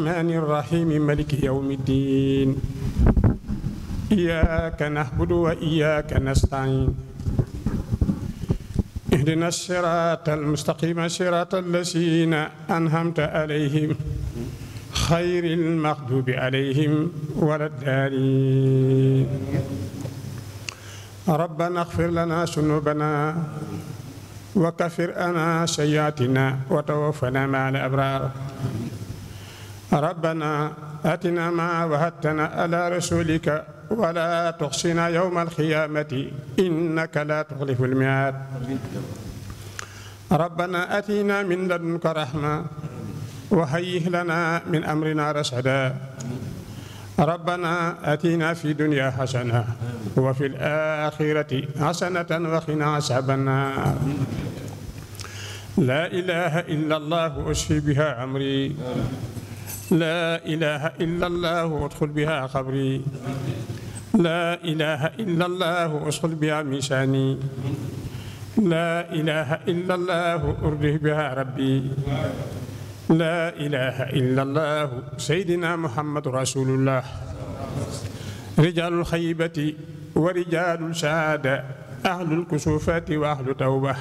الرحمن الرحيم ملك يوم الدين إياك نعبد وإياك نستعين اهدنا الصراط المستقيم صراط الذين أنهمت عليهم خير المغضوب عليهم ولا الدارين ربنا اغفر لنا ذنوبنا وكفر أنا سيئاتنا وتوفنا مع الأبرار ربنا أتنا ما وهدتنا على رسولك ولا تحصنا يوم القيامة إنك لا تخلف الميعاد ربنا اتنا من لدنك رحمة وهيئ لنا من أمرنا رشدا ربنا اتنا في دنيا حسنة وفي الآخرة حسنة وقنا عذاب النار لا إله إلا الله أشفي بها عمري لا إله إلا الله وادخل بها قبري لا إله إلا الله وادخل بها ميساني لا إله إلا الله أرده بها ربي لا إله إلا الله سيدنا محمد رسول الله رجال الخيبة ورجال السعادة أهل الكسوفات وأهل التوبة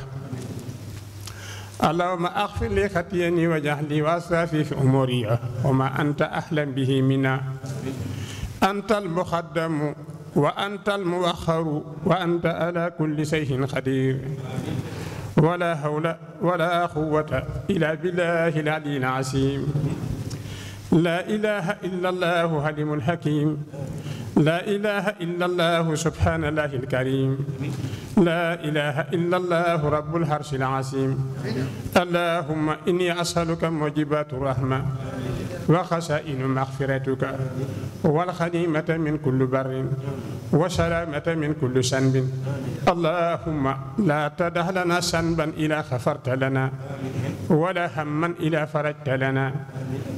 اللهم اغفر لي خطيئني وجهلي واسرافي في اموري وما انت احلم به منا انت المقدم وانت المؤخر وانت على كل شيء قدير ولا حول ولا قوه الا بالله العلي العظيم لا اله الا الله العليم الحكيم لا إله إلا الله سبحان الله الكريم لا إله إلا الله رب الحرش العظيم اللهم إني أسألك موجبات الرحمة وخسائن مغفرتك والخديمة من كل بر وسلامة من كل سنب اللهم لا تدع لنا سنبا إلا غفرت لنا ولا هما إلا فرجت لنا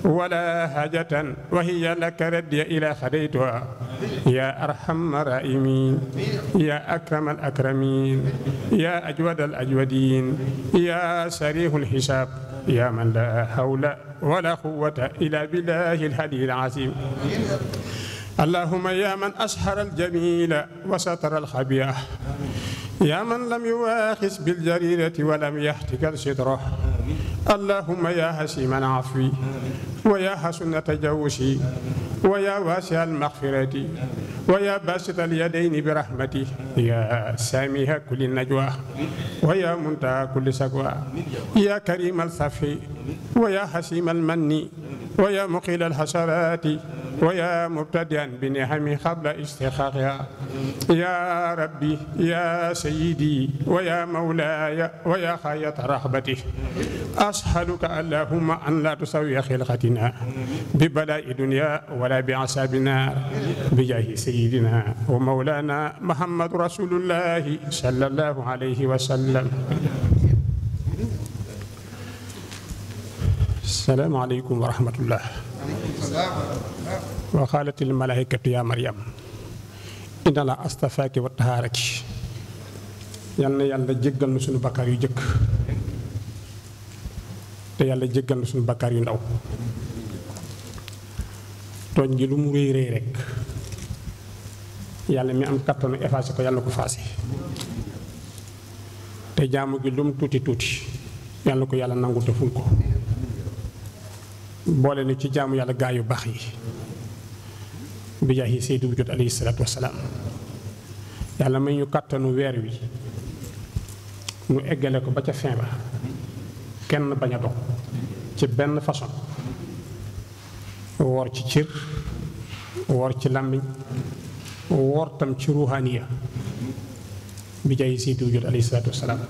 ولا حاجة وهي لك ردي إلى خديتها يا أرحم الراحمين يا أكرم الأكرمين يا أجود الأجودين يا سريع الحساب يا من لا حول ولا قوة إلا بالله الحلي العظيم اللهم يا من أسحر الجميل وستر الخبيئة يا من لم يواخس بالجريرة ولم يحتك السترة اللهم يا هسيما العفو ويا حسن تجاوزي ويا واسع المغفرة ويا باسط اليدين برحمتي يا ساميها كل النجوى ويا منتهى كل سقوى يا كريم الصفي ويا حسيم المن ويا مقيل الحسرات ويا مبتدئا بنعم قبل استحقاقها يا ربي يا سيدي ويا مولاي ويا خاية رحبته أسألك اللهم أن لا تسوي خلقتنا ببلاء دنيا ولا بعذاب بجاه سيدنا ومولانا محمد رسول الله صلى الله عليه وسلم السلام عليكم ورحمة الله wa qaalatil yaa Maryam inna la astafaaki wa tahaaraki yal na yàlla jéggal na suñu bakkaar yu jëkk te yàlla jéggal na suñu bakkaar yu ndaw tooñ gi lu mu réy réy rekk yàlla mi am kattanu effacé ko yàlla ko faase te jaamu gi lu mu tuuti tuuti yàlla ko yàlla nangu te ful ko boole ni ci jaamu yàlla gaa yu bax yi bi jaahi sayyidu wujud alayhi salaatu wasalaam yàlla may ñu kàttanu weer wi ñu eggale ko ba ca fin ba kenn bañ a dog ci benn façon woor ci cër woor ci làmmiñ woor tam ci ruhaniya bi jaahi sayyidu wujud alayhi salaatu wasalaam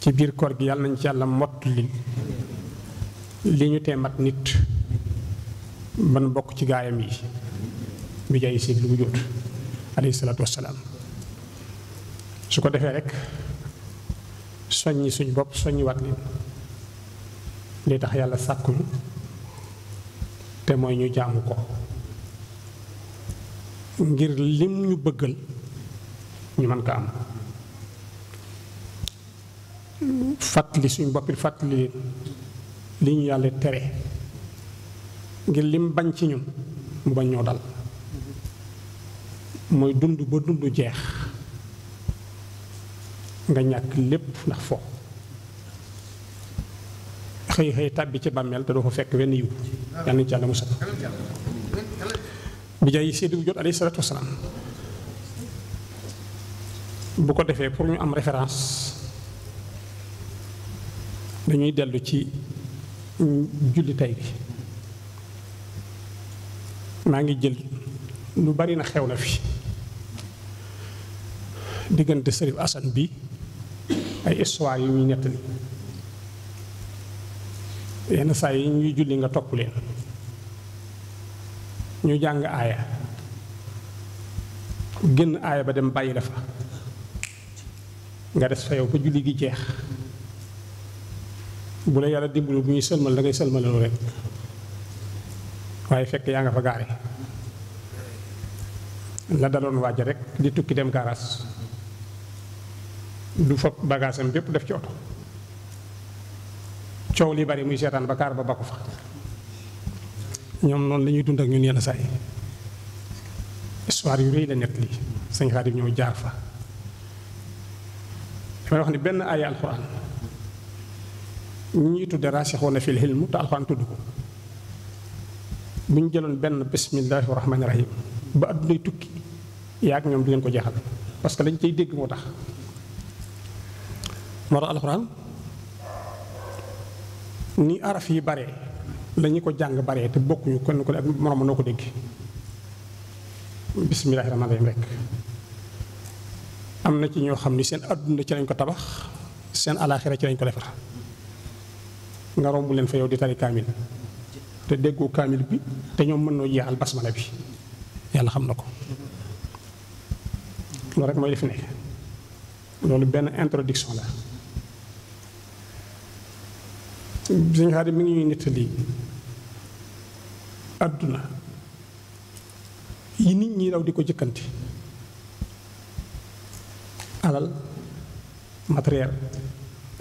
ci biir koor gi yàlla nañ ci yàlla mottali li ñu tee mat nit man bokk ci gaayam yi bi jaay si lu wujjóot alayhi salaatu wassalaam su ko defee rek soññi suñ bopp soññi wat leen li tax yàlla sàkkuñu te mooy ñu jaamu ko ngir lim ñu bëggal ñu mën ko am fàttali suñ bopp fàttali leen li ñu yàlla tere ngir lim bañ ci ñun mu bañ ñoo dal mooy dund ba dund jeex nga ñàkk lépp ndax fo xëy xëy tàbbi ci bàmmeel te doo ko fekk wenn yiw yàlla ci yàlla musal bi jay séddi jot alayhi salatu wasalaam bu ko defee pour ñu am référence dañuy dellu ci julli tey bi maa ngi jël lu bari na xew na fi diggante Sërif Asan bi ay histoire yu ñuy nettali yenn saa yi ñuy julli nga topp leen ñu jàng aaya génn aaya ba dem bàyyi la nga des fa yow ba julli gi jeex bu la yàlla bulu bu ñuy sëlmal da ngay sëlmalalu rek waaye fekk yaa nga fa gaare la daloon waaj rek di tukki dem garas du fa bagaasam bépp def ci oto coow li bari muy seetaan ba kaar ba bakku fa ñoom noonu la ñuy dund ak ñun yenn saa yi histoire yu rëy la net li sëñ ñoo jaar fa wax ni ñi tudde rasixuna fil hilm ta alquran tudd ko buñ jëloon ben bismillahir rahmanir rahim ba lay tukki yaak ñom di ngeen ko jaxal parce que lañ cey dégg motax tax alquran ni araf yi bare lañu ko jang bare te ñu kon ko ak morom noko ko bismillahir rahmanir rahim rek am ci ñoo xamni seen aduna ci lañ ko tabax seen alaxira lañ ko defal nga romb len fa yow di tari kamil te deggu kamil bi te ñom mëno yaal basmala bi yalla xam nako lo rek moy li fi nekk loolu introduction la mi ngi aduna yi nit ñi raw di ko alal matériel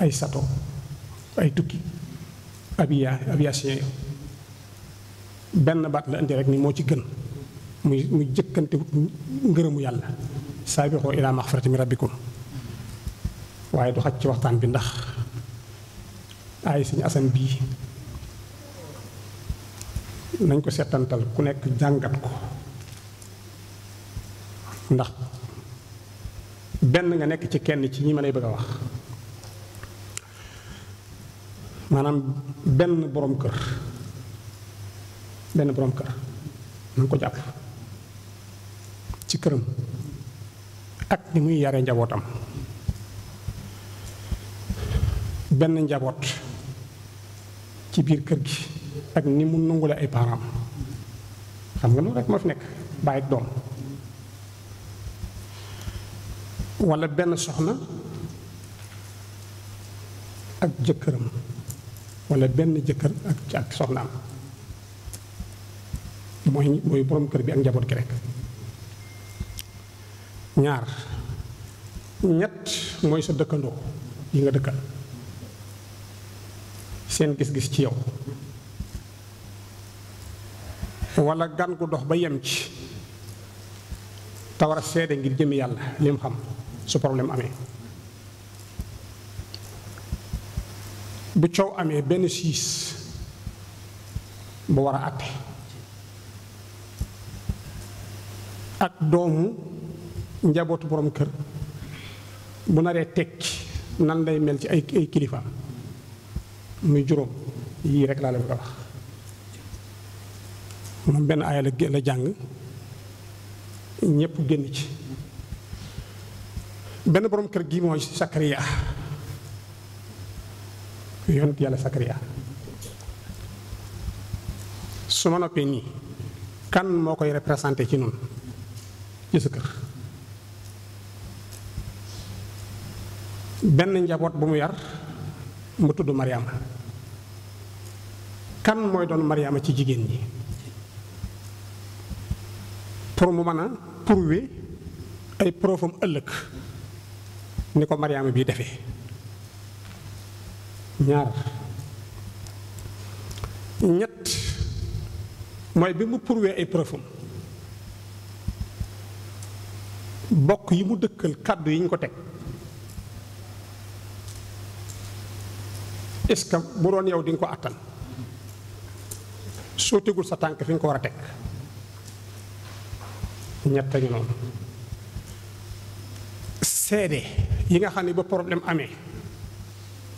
ay sato ay tukki abiya abiya yi benn baat la indi rek ni moo ci gën muy muy jëkkante ngërëmu yàlla saabixoo ilaa maxfirati mi rabbikum waaye du xaj ci waxtaan bi ndax ay suñu asan bii nañ ko seetantal ku nekk jàngat ko ndax benn nga nekk ci kenn ci ñi ma lay bëgg wax maanaam benn boroom kër benn boroom kër na ko jàpp ci këram ak ni muy yare njabootam benn njaboot ci biir kër gi ak ni mu nangule ay param xam nga loolu rek moo fi nekk bàyyi ak doom walla benn soxna ak jëkkëram wala benn jëkkër ak ci ak soxnaam mooy mooy borom kër bi ak njaboot gi rek ñaar ñett mooy sa dëkkandoo yi nga dëkkal seen gis-gis ci yow wala gan gu dox ba yem ci tawar a seede ngir jëmi yàlla lim xam su problème amee bu coow amee benn siis bu war a àtte ak doomu njabootu boroom kër bu naree tekki nan lay mel ci ay ay kilifa muy juróom yii rek laa la bëgg a wax moom benn aaya la la jàng ñépp génn ci benn boroom kër gi mooy Sakariya yonent yàlla Sakariya su ma noppee nii kan moo koy représenté ci nun ci sa kër benn njaboot bu mu yar mu tudd Mariama kan mooy doon Mariama ci jigéen ñi pour mu mën a prouver ay profam ëllëg ni ko Mariama bii defee ñaar ñett mooy bi mu prouvé ay preuve am bokk yi mu dëkkal kàddu yi ñu ko teg est-ce que bu doon yow di ko àttan soo tegul sa tànk fi nga ko war a teg ñett a noonu seede yi nga xam ne ba problème amee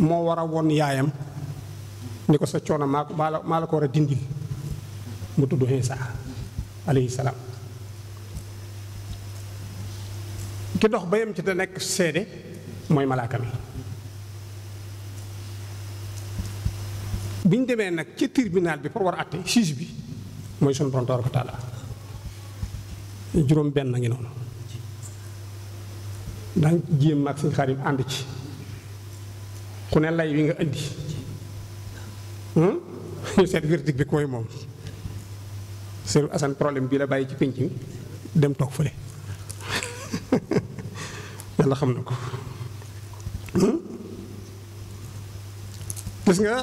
moo war a won yaayam ni ko sa coono maa ko maa la ko war a dindil mu tudd Iisa alayhi salaam ki dox ba yem ci te nekk seede mooy malaaka mi bi ñu demee nag ci tribunal bi pour war a àtte juge bi mooy sunu borom tabaaraka taala juróom benn ngi noonu daan jéem ak suñ xarit ànd ci ku ne lay wi nga indi hmm? ñu set verdict bi koy mom sëñ asan problème bi la bayyi ci pinci dem tok fele yalla xam na ko hmm? gis nga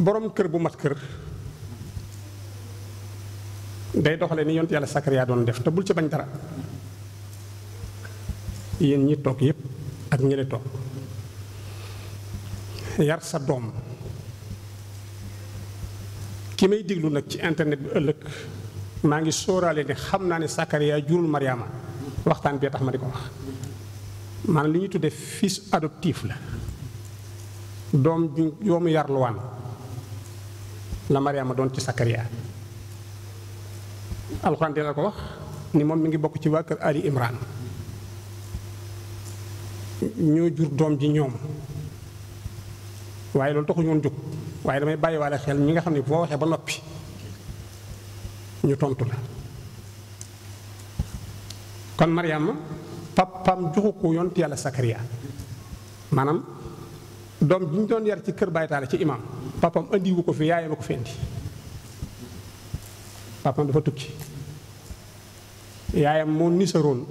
borom kër bu mat kër day doxale ni yonent yalla sakariya doon def te bul ci bañ dara yeen ñi tok yépp ak ñële yar sa doom ki may déglu nag ci internet bi ëllëg maa ngi sóoraale ne xam naa ne Sakariya jurul Mariama waxtaan bee tax ma di ko wax maanaam li ñuy tudde fis adoptif la doom ju yoomu yar luwaan la Mariama doon ci Sakariya alxuraan dee ko wax ni moom mu ngi bokk ci waa kër Ali Imran ñoo jur doom ji ñoom waaye loolu taxu ñoon jóg waaye damay bàyyiwaale xel ñi nga xam ne boo waxee ba noppi ñu tontu la kon Mariama papam joxu ko yontu yàlla Sakariya maanaam doom bi doon yar ci kër Baay Taala ci imam papam andiwu ko fi yaayama ko fi indi papam dafa tukki yaayam moo nisaroon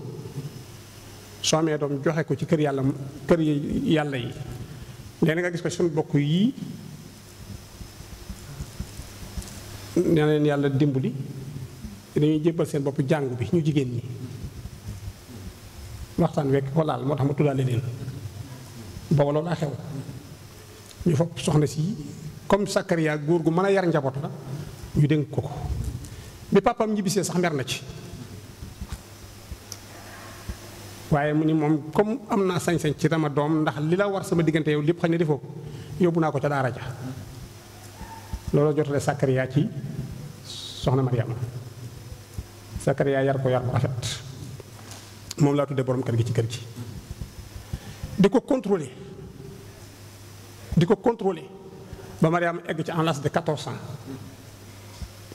soo amee doom joxe ko ci kër yàlla kër yàlla yi léegi nga gis ko suñu bokk yii nee leen yàlla dimbali dañuy jébbal seen bopp jàngu bi ñu jigéen ñi waxtaan wekk ko laal moo tax ma tuddaale leen booba loolu xew ñu fopp soxna si comme Sakariya góor gu mën a yar njaboot la ñu dénk ko ko bi papam ñibbisee sax mer na ci waaye mu ni moom comme am naa sañ-sañ ci sama doom ndax li la war sama diggante yow lépp xañ na defoo yóbbu naa ko ca daara ja loolu jotale Sakariya ci soxna Mariama Sakariya yar ko yar ko rafet moom laa tuddee borom kër gi ci kër gi di ko contrôler di ko contrôler ba Mariama egg ci en l'âge de 14 ans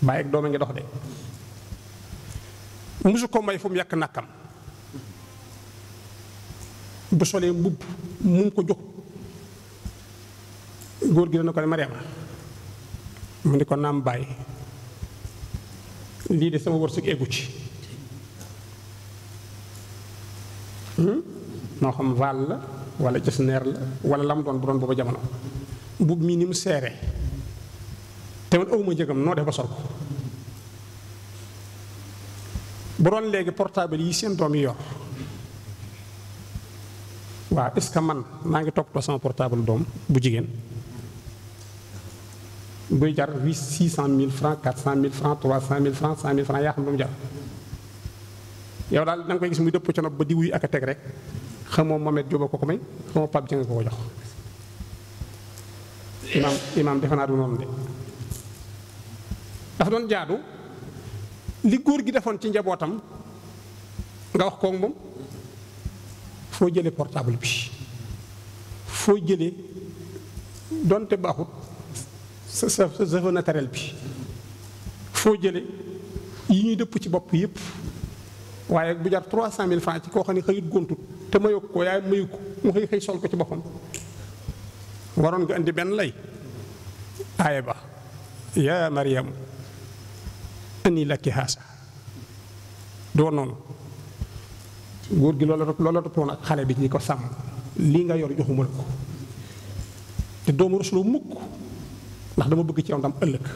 bàyyi ak doom a ngi dox de mosu ko may fu mu yàq nàkkam bu solee mbubb mu ko jox góor gi dana ko ne Mariama mu ne ko naam bàyyi lii de sama wërsëg eggu ci hmm? moo xam vaal la wala jës neer la wala lam doon bu doon booba jamono mbubb mii ni mu seere te man awma jëgam noo def ba sol ko bu doon léegi portable yi seen doom yi yor waaw est ce que man maa ngi toppatoo sama portable doom bu jigéen buy jar huit six cent mille francs quatre cent mille francs trois cent mille francs cent mille francs yaa xam lu mu jar yow daal da nga koy gis muy dëpp ci nopp ba di wuy ak a teg rek xamoo momet Diop ko ko may xamoo pap Dieng ko ko jox imam imam defe du noonu de dafa doon jaadu li góor gi defoon ci njabootam nga wax koog moom foo jëlee portable bi foo jële donte baaxut sa sa sa naturel bi foo jële yi ñuy dëpp ci bopp yépp waaye bu jar 300000 francs ci koo xam ne xëyut gontut te mayu ko yaay mayu ko mu xëy xëy sol ko ci boppam waroon nga indi benn lay aaya ba yaa mariam ani laki haasa doo noonu góor gi loola loola toppoon ak xale bi ci ko sàmm lii nga yor joxuma ko te doomu rusloo mukk ndax dama bëgg ci yow ndam ëllëg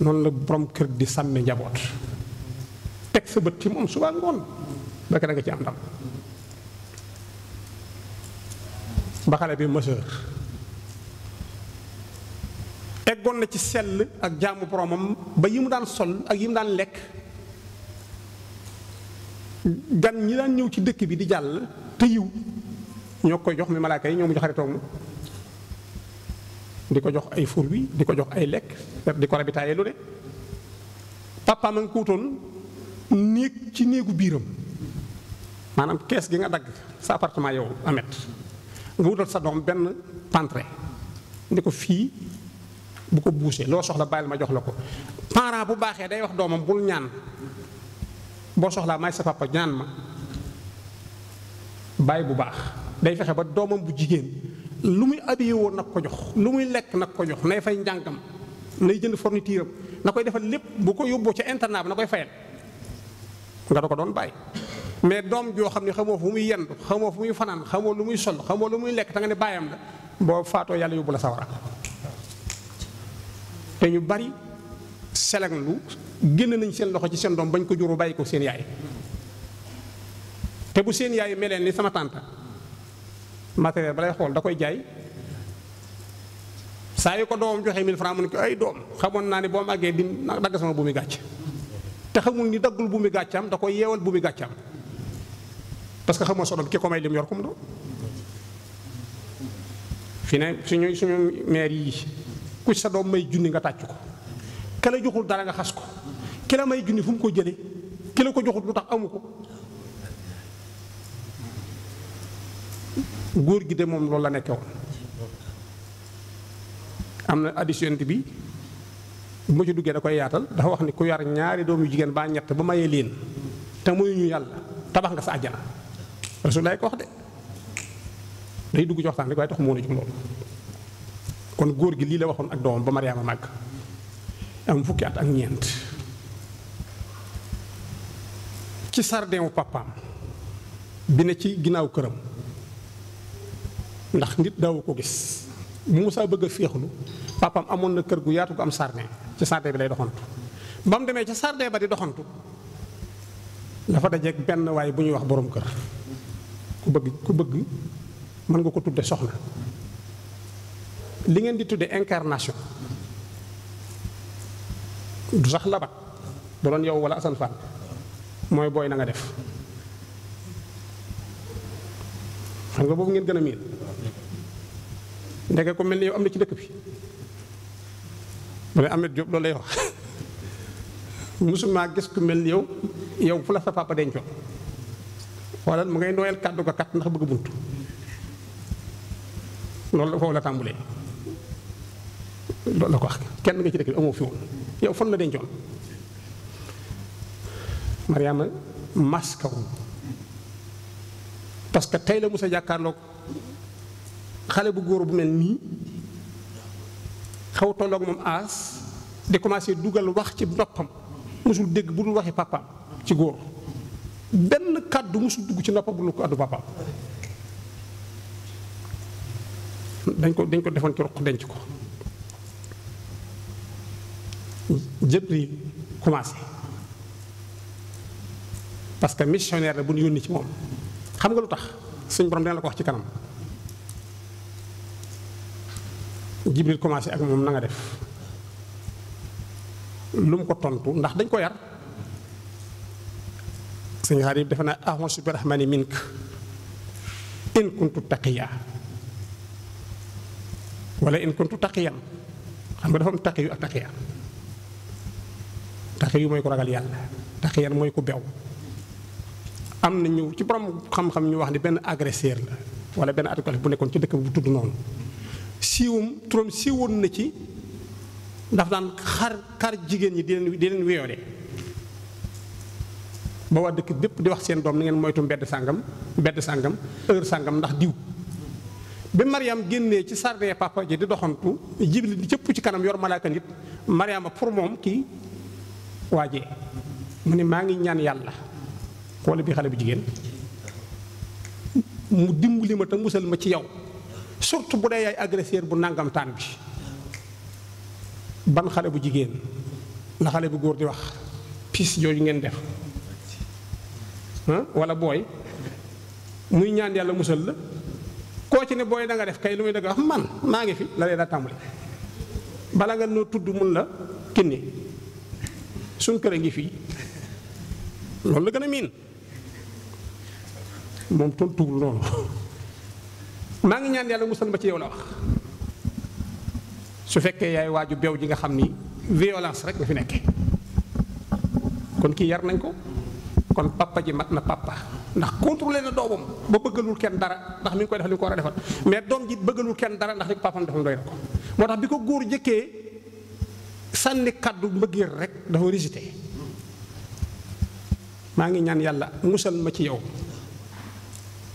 noonu la borom kër di sàmme njaboot teg sa bët ci moom suba ngoon ba kër nga ci am ndam ba xale bi mësër eggoon na ci sell ak jaamu boromam ba yi mu daan sol ak yi mu daan lekk gan ñi daan ñëw ci dëkk bi di jàll te yiw ñoo koy jox mi malaaka yi ñoo mu jox xaritoom di ko jox ay fur wi di ko jox ay lekk di ko rabitaaye lu ne papa ma nga kuutoon néeg ci néegu biiram maanaam kees gi nga dagg sa appartement yow amet nga wutal sa doom benn pantre di ko fii bu ko buusee loo soxla bàyyil ma jox la ko parent bu baaxee day wax doomam bul ñaan boo soxlaa may sa papa ñaan ma bàyyi bu baax day fexe ba doomam bu jigéen lu muy habillé woon nag ko jox lu muy lekk nag ko jox nay fay njàngam nay jënd fourniture am na koy defal lépp bu ko yóbboo ca internat bi na koy fayal nga da ko doon bàyyi mais doom joo xam ne xamoo fu muy yendu xamoo fu muy fanaan xamoo lu muy sol xamoo lu muy lekk te nga ne bàyyam la boo faatoo yàlla yóbbu la sawara te ñu bari seleng lu génn nañ seen loxo ci seen doom bañ ko juru bàyyi ko seen yaay te bu seen yaay meleen ni sama tànta matériel balay xool da koy jaay saa yu ko doom joxe 1000 francs mu ne ko ay doom xamoon naa ne boom màggee di dagg sama bu muy gàcc te xamul ni daggul bu muy gàccaam da koy yeewal bu muy gàccaam parce que xamoo sodom ki ko may lim yor kum do fi ne suñu suñu maire yi ku sa doom may junni nga tàcc ko kala joxul dara nga xas ko ki may junni fu mu ko jëlee ki ko joxul lu tax amu góor gi de moom loolu la nekkewoon am na additionnité bi bu ma ci duggee da koy yaatal dafa wax ni ku yar ñaari doom yu jigéen baa ñett ba mayee leen te muy ñu yàlla tabax nga sa àjjana rasulaay ko wax de day dugg ci waxtaan rek waaye tax moo na jóg loolu kon góor gi lii la waxoon ak doomam ba Mariama màgg am fukki at ak ñeent ci sardin wu bi ne ci ginnaaw këram ndax nit daawu ko gis bu Musaa bëgg a féexlu papaam amoon na kër gu yaatu gu am sardin ci sardin bi lay doxantu ba mu demee ca sardin ba di doxantu dafa dajeeg benn waay bu ñuy wax boroom kër ku bëgg ku bëgg mën nga ko tudde soxna li ngeen di tudde incarnation du sax labat da doon yow wala Assane Fall mooy booy na def xam nga boobu ngeen gën a miin ndeke ko mel ni yow am na ci dëkk bi bu dee Amet Jóob loolu lay wax musuma gis ku mel ni yow yow fu la sa papa dencoon xoolal mu ngay nooyal kàddu ko kat ndax bëgg bunt loolu foofu la tàmbulee loolu la ko kenn nga ci dëkk bi amoo fi woon yow fan la dencoon Mariama mas kaw parce que tey la mos a xale bu góor bu mel nii xaw tolloog moom aas di commencé dugal wax ci noppam mosul dégg bu dul waxi papaam ci góor benn kàddu mosul dugg ci noppam bu dul kàddu papaam dañ ko dañ ko defoon ci roq denc ko jëbri commencé parce que missionnaire la bu ñu yónni ci moom xam nga lu tax suñ borom dina la ko wax ci kanam jibril commencé ak moom nanga def lu mu ko tontu ndax dañ ko yar sëñ xarit defe naa ahonsu bi rahmani mink in kuntu taqiya wala in kuntu taqiyan xam nga dafa am taqiyu ak taqiya yi mooy ko ragal yàlla taqiyan mooy ku bew am na ñu ci borom xam-xam ñu wax ni benn agresseur la wala benn agriculteur bu nekkoon ci dëkk bu tudd noonu siiwum turam siiwoon na ci ndax daan xar xar jigéen ñi di leen di leen wéyoo de ba waa dëkk bépp di wax seen doom na ngeen moytu mbedd sàngam mbedd sàngam heure sàngam ndax diw bi Mariam génnee ci sardee papa ji di doxantu jibril cëpp ci kanam yor malaaka nit Mariama pour moom kii waajee mu ne maa ngi ñaan yàlla xoole bi xale bu jigéen mu dimbali ma te musal ma ci yow surtout bu dee yaay agresseur bu nangam taan bi ban xale bu jigéen la xale bu góor di wax piis jooju ngeen def wala booy muy ñaan yàlla musal la koo ci ne booy da nga def kay lu muy dëgg wax man maa ngi fi la lee daa tàmbali bala nga noo tudd mun la kinni suñ kër a ngi fii loolu la gën a miin moom tontuwul noonu maa ngi ñaan yàlla musal ma ci yow la wax su fekkee yaay waaju beew ji nga xam ni violence rek la fi nekke kon kii yar nañ ko kon papa ji mat na papa ndax contrôlé na doomam ba bëggalul kenn dara ndax mi ngi koy def li ko war a defal mais doom ji bëggalul kenn dara ndax li ko papaam defal doy na ko moo tax bi ko góor jëkkee sànni kàddu mbëggeel rek dafa rejeté maa ngi ñaan yàlla musal ma ci yow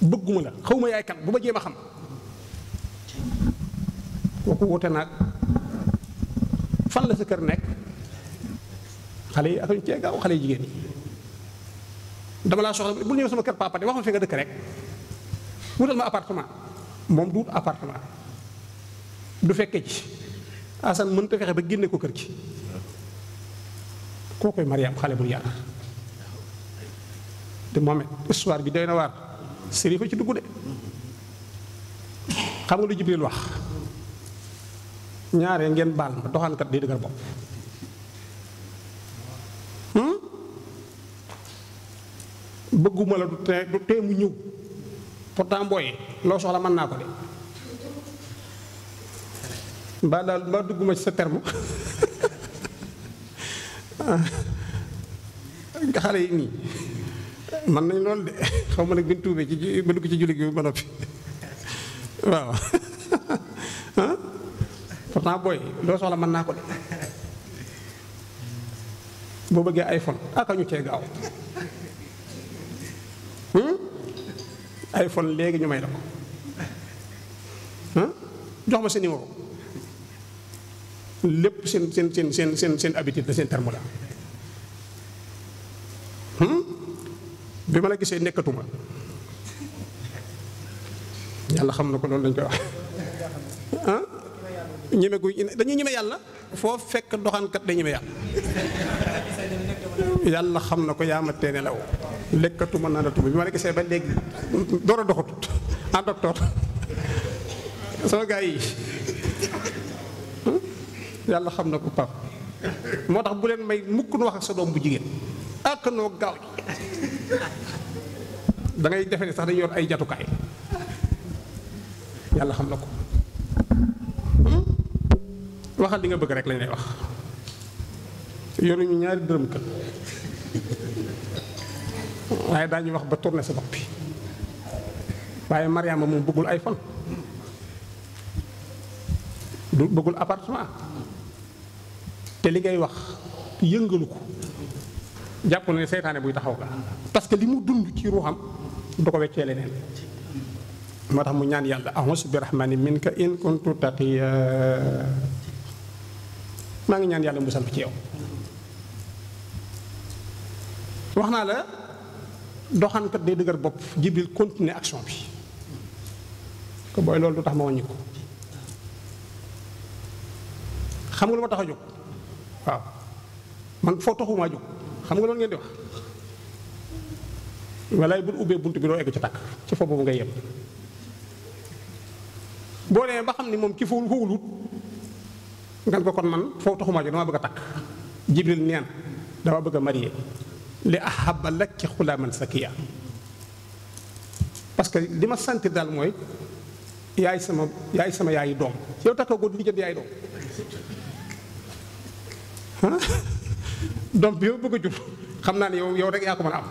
bëgguma la xaw ma yaay kan bu ma jéem ma xam kooku wute naag fan la sa kër nekk xale yi ak ñu cee xale yi jigéen ñi dama laa soxla bu ñëw sama kër papa de wax ma fi nga dëkk rek wutal ma appartement moom du wut appartement du fekkee ci asan mën ko fexe ba génne ko kër ci koo koy mariam xale bu yàlla te momet histoire bi doy na waar sëriñ ci dugg de xam nga lu jibril wax ñaare ngeen bal ma doxan doxaankat day dëgër bopp hmm? bëgguma la du té du té mu ñëw pourtant boy lo soxla man na ko de mbaa daal mbaa dugguma ci sa terme ah. xale yi nii man nañ lool de xaw ma nag bi tuubee ci ba dugg ci jullit bi ba noppi waaw ah. pourtant booy loo soxla mën naa ko de boo bëggee iPhone aka ñu cee gaaw hmm? iPhone léegi ñu may la ko hmm? jox ma sa numéro lépp seen seen seen seen seen seen habitude la seen terme la hmm? bi ma la gisee nekkatuma yàlla xam na ko loolu dañ koy wax ah ñeme gu dañuy ñeme yàlla foo fekk doxaankat day ñeme yàlla yàlla xam na ko yaa ma teene law lekkatuma naanatuma bi ma la gisee ba léegi door a doxatut ah docteur sama gars yi yalla xam na ko pap motax bu len may mukk nu wax ak sa doom bu jigen ak no gaaw da ngay defene sax dañu yor ay jatukaay yàlla xam na ko hmm? waxal li nga bëgg rek lañ lay wax yoru ñu ñaari dërëm kat waaye dañu wax ba tourner sa bop bi waye mariama mo bëggul iphone du bëggul appartement te li ngay wax yëngalu ko jàpp na ne seytaane buy taxaw la parce que li mu dund ci ruham du ko wéccé motax mu ñaan yalla bi rahmani minka in kuntu taqiya ma ngi ñaan mu sant ci yow waxna la doxan doxankat day deugar bop jibril continuer action bi ko boy lolou tax ma wagniko xam nga waaw man foo taxumaa jóg xam nga loolu ngeen di wax walaay bu ubbee bunt bi doo egg ci takk ci foofu ngay yem boo demee ba xam ni moom ci ki fowul fowulut nga ko kon man foofu taxumaa jóg dama bëgg a takk jibril neen dama bëgg a marié li ahaba lakki xulaaman sakiya parce que li ma sentir daal mooy yaay sama yaay sama yaayi doom yow takka góor du lijjanti yaay doom doom bi yow bëgg a jur xam naa ne yow yow rek yaa ko mën a am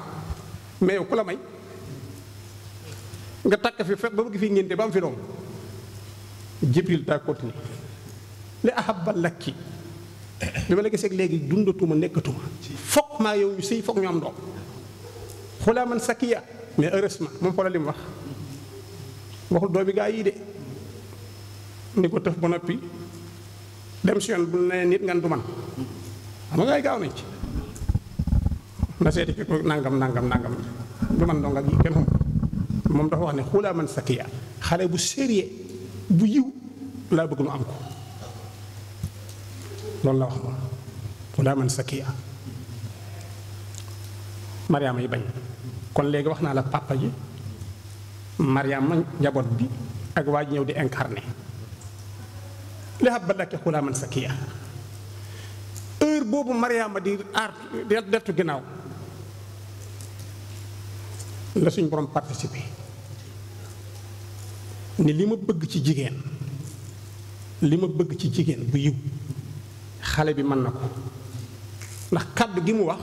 mais yow ku la may nga takk fi fekk ba bëgg fi ngénte ba am fi doom jibril daa continué li ahaba lakki bi ma la gisee léegi dundatuma nekkatuma foog maa yow ñu sëy foog ñu am doom xulaa man sakkiya mais heureusement moom xoola li mu wax waxul doomi gaa yii de ni ko tëf ba noppi dem si yoon bu ne nit ngan du man xam nga gaaw nañ ci na seeti ki ko nangam nangam nangam du man dong ak kan? Membawa moom dafa wax ne man sakiya xale bu sérieux bu yiw bukan bëgg mu am ko la wax man sakiya mariama yi bañ kon léegi wax naa la papa ji mariama njaboot bi ak waa ji ñëw di incarné li man sakiya heure boobu Mariama di aar dettu ginnaaw la suñ borom participé ni li ma bëgg ci jigéen li ma bëgg ci jigéen bu yiw xale bi mën na ko ndax kàddu gi mu wax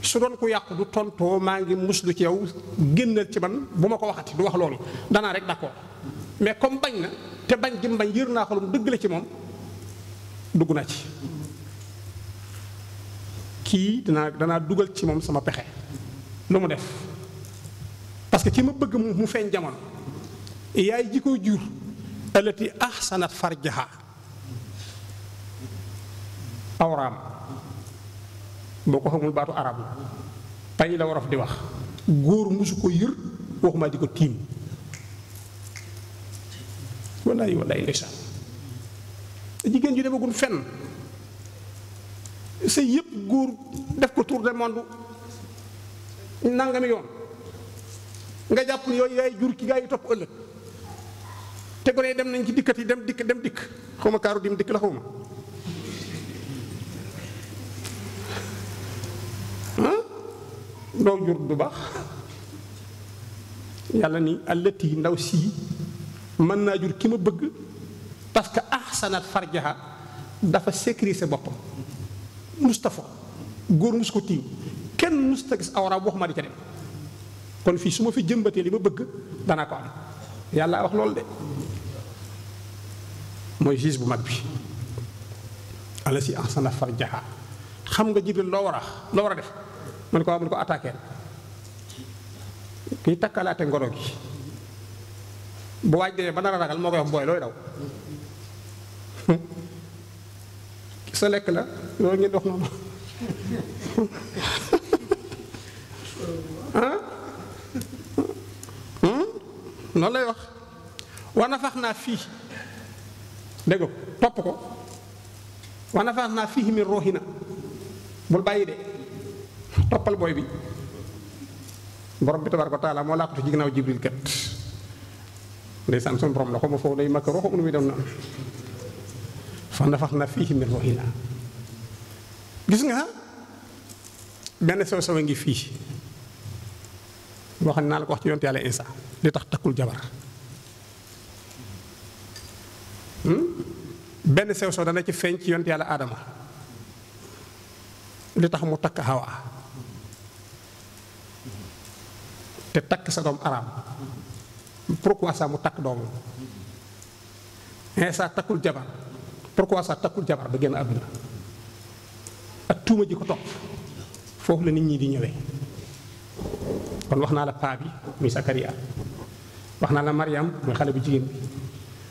su doon ku yàqu du tontoo maa ngi muslu ci yow génnal ci man bu ma ko waxati du wax loolu danaa rek d'accord mais comme bañ na te bañ gi bañ yër naa xolum dëgg la ci moom dugg na ci kii danaa danaa dugal ci moom sama pexe lu mu def parce que ki ma bëgg mu feeñ jamono yaay ji ko jur ëllëti ahsanat farjaha awraam boo ko xamul baatu arab la pay la worof di wax góor musu ko yër waxuma di ko tiim wallaay wallaay ndeysaan jigéen ju demagul fenn sa yëpp góor def ko tour de monde yoon nga jàpp ne yooyu yaay jur ki gaa yi topp ëllëg te gone dem nañ ci dikkat yi dem dikk dem dikk xaw ma kaaru dim dikk la xaw ma doo jur du baax yàlla ni allati ndaw sii mën naa jur ki ma bëgg parce que ahsanat farjaha dafa sécuriser boppam mustafa góor mus ko tiim kenn musta gis wax waxuma di ca dem kon fii su ma fi jëmbatee li ma bëgg danaa ko am yàlla wax loolu de mooy gis bu mag bi ala si ahsana farjaha xam nga jibril loo war a loo war a def mu ne ko waaw mu ne ko attaqué kii takkalaate ngoro gi bu waaj demee ba nar a ragal moo koy wax booy looy daw hmm? sa lekk la loolu ngeen dox hmm? lay wax war na fax naa fii dégg ko topp ko war na fax naa fii mi rooxi na bul bàyyi de toppal booy bi borom bi tabaaraka wa taala moo làqatu ci ginnaaw jibril kat ndeysaan suñu borom la xaw ma foofu day makka roxo un wi dem na fa nafax na fiihi min ruuhinaa gis nga benn sew sew ngi fii moo xam ne naa la ko wax ci yonte yàlla insa li tax takkul jabar hmm? benn sew sew dana ci feeñ ci yonte yàlla aadama li tax mu takk hawa te takk sa doom araam pourquoi ça mu takk doomam insa takkul jabar pourquoi ça takkul jabar ba génn àdduna ak tuuma ji ko topp foofu la nit ñi di ñëwee kon wax naa la paa bi muy Sakariya wax naa la Mariam muy xale bu jigéen bi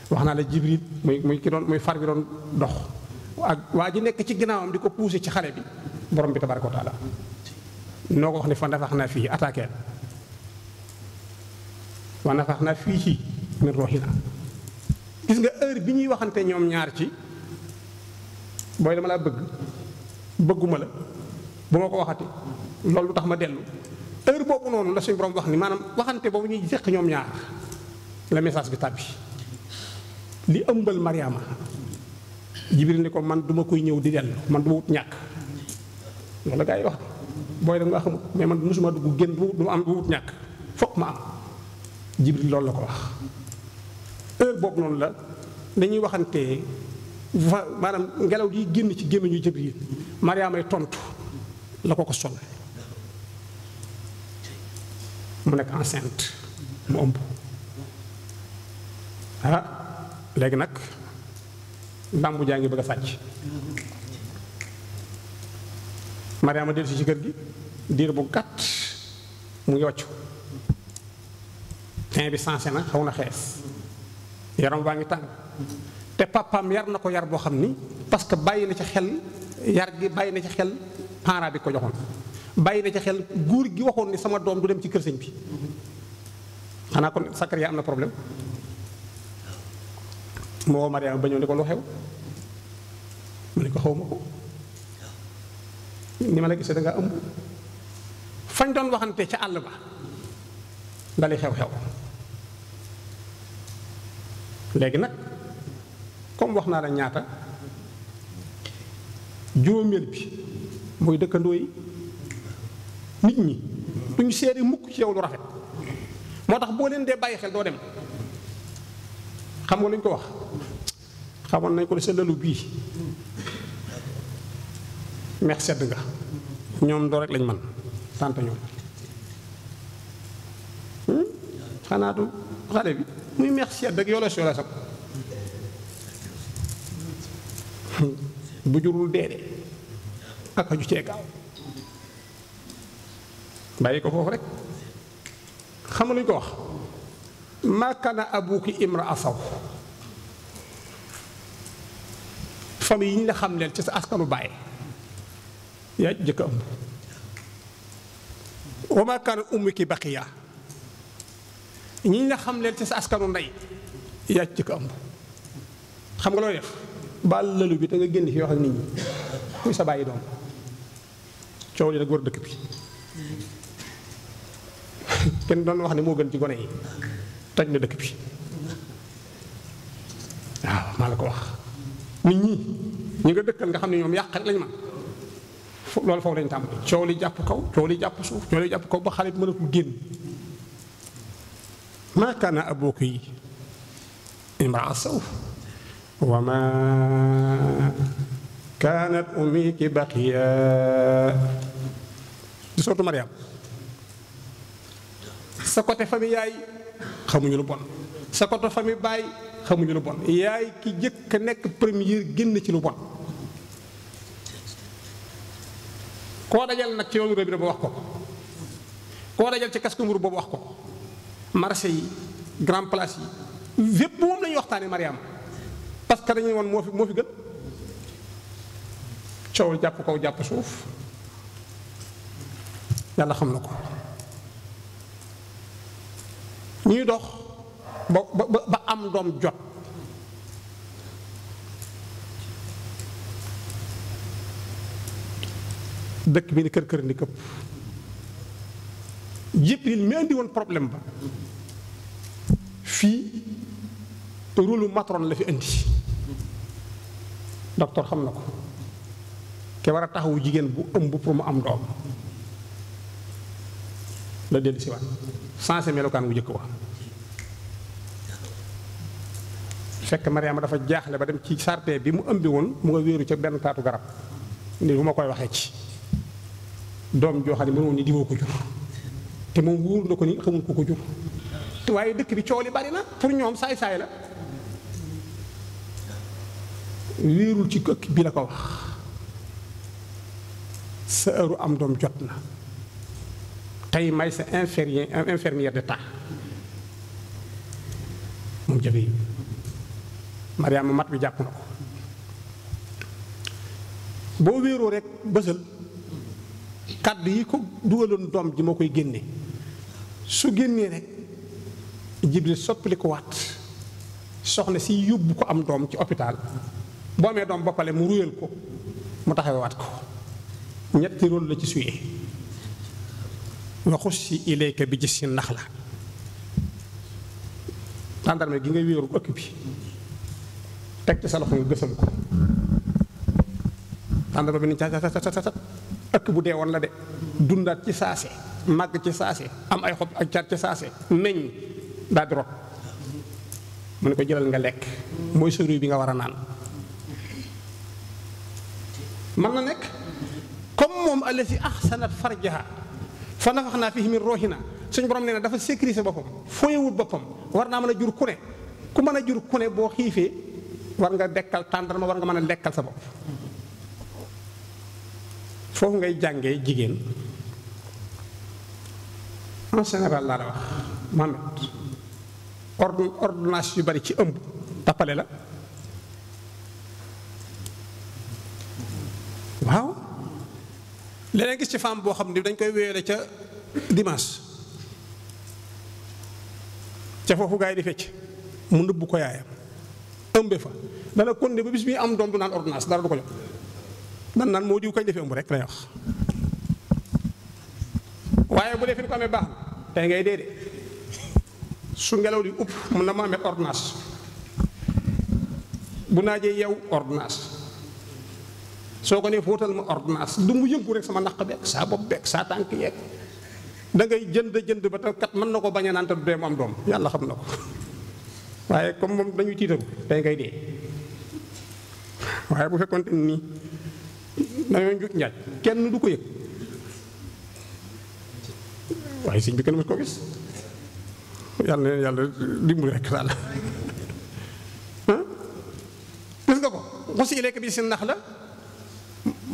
wax naa la Jibril muy muy ki muy far bi doon dox ak waa ji nekk ci ginnaawam di ko poussé ci xale bi borom bi tabaraka wa taala noo ko wax ne fa nafax naa fii attaqué wa nafax naa fii ci min ruuxina gis nga heure bi ñuy waxante ñoom ñaar ci booy dama laa bëgg bëgguma la bu ma ko waxati loolu tax ma dellu heure boobu noonu la suñu borom wax ni maanaam waxante boobu ñuy seq ñoom ñaar la message bi tàbbi li ëmbal Mariama Jibril ni ko man duma koy ñëw di dellu man duma wut ñàkk loolu la gaa yi wax booy da nga mais man mosuma dugg génn du ma am du ñàkk fokk ma am Jibril loolu la ko wax heure boobu noonu la dañuy waxante maanaam ngelaw liy génn ci gémmiñu Jibril maryaamay tontu la ko ko sol mu nekk enceinte mu ëmb ah léegi nag ndàmbu jaa ngi bëgg a sàcc maryaama dellu si ci kër gi diir bu gàtt mu yoccu tin bi sensé na xaw na xees yaram baa ngi tàng te papaam yar na ko yar boo xam ni parce que bàyyi na ci xel yar gi bàyyi na ci xel parent bi ko joxoon bàyyi na ci xel guur gi waxoon ni sama doom du dem ci kër sëñ bi xanaa ko Sakariya am na problème moo woo Mariama ba ñëw ni ko lu xew mu ne ko xaw ma ko ni ma la gisee da nga ëmb fañ doon waxante ca àll ba dali xew-xew léegi nag comme wax naa la ñaata juróomeel bi mooy dëkkandooy nit ñi duñu seere mukk ci yow lu rafet moo tax boo leen dee bàyyi xel doo dem xam nga lu ko wax xamoon nañ ko ne sa lalu bii meex sedd nga ñoom doo rek lañ man tànta ñoom xanaatu du xale bi muy meex sedd ak yooloo si yooloo bu jurul dee de ak aju cee gaaw bàyyi ko foofu rek xam luñ ko wax maakana abuki imra asaw famille yi ñu la xam leen ci sa askanu bàyyi yaa jëkk am wa maakana ummuki baqiya ñi ñu la xam leen ci sa askanu ndey yaa jëkk am xam nga looy def baal lalu bi te nga génn fi yoo ak nit ñi muy sa bàyyi doom coow li nag war dëkk bi kenn doon wax ne moo gën ci gone yi taj na dëkk bi waaw maa la ko wax nit ñi ñi nga dëkkal nga xam ne ñoom yàq rek lañ man loolu foofu lañ tàmbali coow li jàpp kaw coow li jàpp suuf coow li jàpp kaw ba xale bi mënatul génn maakaana abooki imraa saw وما كانت أميك بقيا di sortu Mariam sa côté famille yaay xamuñu lu bon sa côté famille baay xamuñu lu bon yaay ki jëkk a nekk premier génn ci lu bon koo dajal nag ci yoonu réew ba wax ko koo dajal ci kas boobu wax ko marché yi grand place yi lépp moom lañuy waxtaane Mariam parce que dañuy moo fi moo fi gën coow jàpp kaw jàpp suuf yàlla xam na ko ñuy dox ba ba ba am doom jot dëkk bi ni kër kër ni këpp Jibril mi indi woon problème ba fii rôle matron la fi indi docteur xam na ko te war a taxawu jigéen bu ëmb pour mu am doom la dellu si waat sensé melokaan wu jëkk wa fekk Mariama dafa jaaxle ba dem ci sarte bi mu ëmbi woon mu nga wéeru ca benn taatu garab ni bu ma koy waxee ci doom joo xam ne mënoon ni diwoo ko jur te moom wóor na ko ni xamul ko ko jur waaye dëkk bi coow li bari na pour ñoom saay-saay la réerul ci këkk bi la ko wax sa heure am doom jot na tey may sa infirmier infirmière d'état moom jafe yi Mariama mat bi jàpp na ko boo wéeroo rek bësal kàddu yi ko dugaloon doom ji moo koy génne su génnee rek Jibril soppali soxna si yóbbu ko am doom ci hôpital boo amee doom boppale mu ruyal ko mu taxawewaat ko ñetti rôle la ci suyee waxus si ilayka bi gis si nax la tàndarme gi nga wéeru ëkk bi teg ci sa loxo nga gësam ko tàndarma bi ni cacacacacat ëkk bu dee woon la de dundaat ci saase màgg ci saase am ay xob ak caat ci saase meññ daal di rot mu ne ko jëlal nga lekk mooy sori bi nga war a naan man na nekk comme moom allasi ahsanat farjaha fa nafaxnaa fihi min ruuhinaa suñu borom nee na dafa sécuriser boppam fooyewut boppam war naa mën a jur ku ku mën a jur ku boo xiifee war nga dekkal tàndarma war nga mën a dekkal sa bopp foofu ngay jànge jigéen en général laa la wax Mohamed ordonnance yu bari ci ëmb tappale la leneen gis ci femme boo xam ni dañ koy wéyale ca dimanche ca foofu gars di fecc mu nëbb ko yaayam ëmbe fa dana konde ba bis bi am doom du naan ordonnance dara du ko jox dan naan moo diw kañ defee ëmb rek lay wax waaye bu defee ko amee baax na tey ngay dee su ngelaw di upp mun na ma amee ordonnance bu naajee yow ordonnance soo ko ne fotal ma ordonnance dum mu yëngu rek sama nak beeg sa bob beeg sa tank yek da ngay jënd jënd ba te kat man nako baña nante dem am dom yalla xam nako waye comme mom dañuy tiitaru tay ngay dé waye bu fekkoon ni da ngay jut njaaj kenn du ko yek waye sëñ bi kenn mos ko gis yalla na leen yàlla dimbali rek daal gis nga ko ko si lek bi sin nax la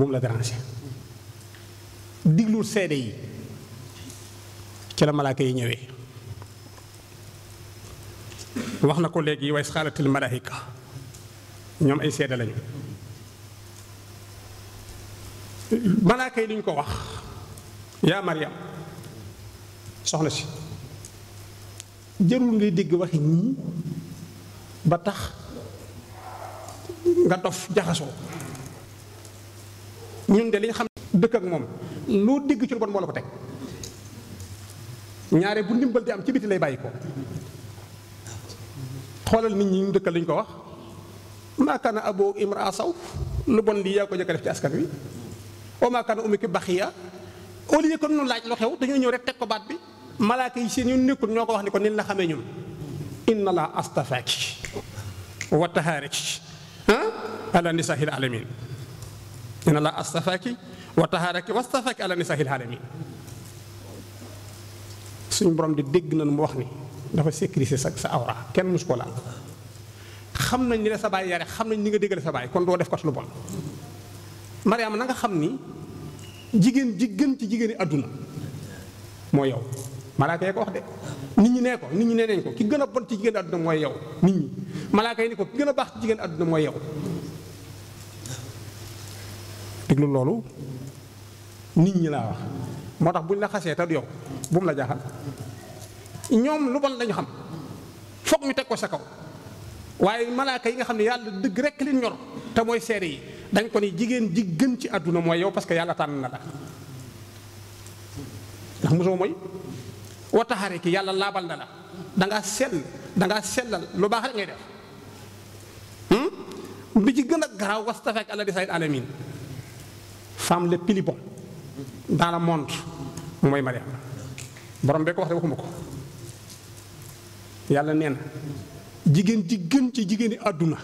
moom la dérangé diglul seede yi ci la malaaka yi ñëwee wax na ko léegi ways xaalatil malaayika ñoom ay seede lañu malaaka yi luñ ko wax yaa Mariam soxna si jarul ngay dégg waxi ñii ba tax nga dof jaxasoo ñun de li xam dëkk ak moom lu digg ci lu bon moo la ko teg ñaare bu ndimbal di am ci biti lay bàyyi ko xoolal nit ñi ñu dëkkal li ñu ko wax maakaana abo imra saw lu bon lii yaa ko jëkk def ci askan wi o maakaana umi ki baxiya au lieu ko nu laaj lu xew dañoo ñëw rek teg ko baat bi malaaka yi seen ñu nekkul ñoo ko wax ni ko nin la xamee ñun inna la astafaaki wa tahaaraki ah, ala nisaahil alamin إن الله أصطفاك وطهرك واصطفاك على نساء العالمين سيني برام دي ديغ نان موخني دا فا سيكريسي ساك سا اورا كين موس كولا خم نان نيلا صباي ياري خم نان نيغا ديغال صباي كون دو ديف كو سلو بون مريم نغا خم جيجين جيجين تي جيجين ادونا مو ياو ملائكه يكو واخ دي نيت ني نيكو نيت ني نين كي غنا بون تي جيجين ادونا مو ياو نيت ني ملائكه ني كو كي باخ تي جيجين ادونا مو ياو déglu loolu nit ñi laa wax moo tax buñ la xasee te du yow bu mu la jaaxal ñoom lu bon lañu xam foog ñu teg ko sa kaw waaye malaaka yi nga xam ne yàlla dëgg rekk li ñor te mooy seere yi dañ ko ni jigéen ji gën ci àdduna mooy yow parce que yàlla tànn na la ndax mosoo mooy wataxare ki yàlla laabal na la dangaa sell dangaa sellal lu baax rek ngay def hmm? bi ci gën a garaaw wastafek ala di sayid alamin femme le plus bon dans le mooy Mariam borom bee ko wax de waxuma ko yàlla nee na jigéen ji gën ci jigéeni àdduna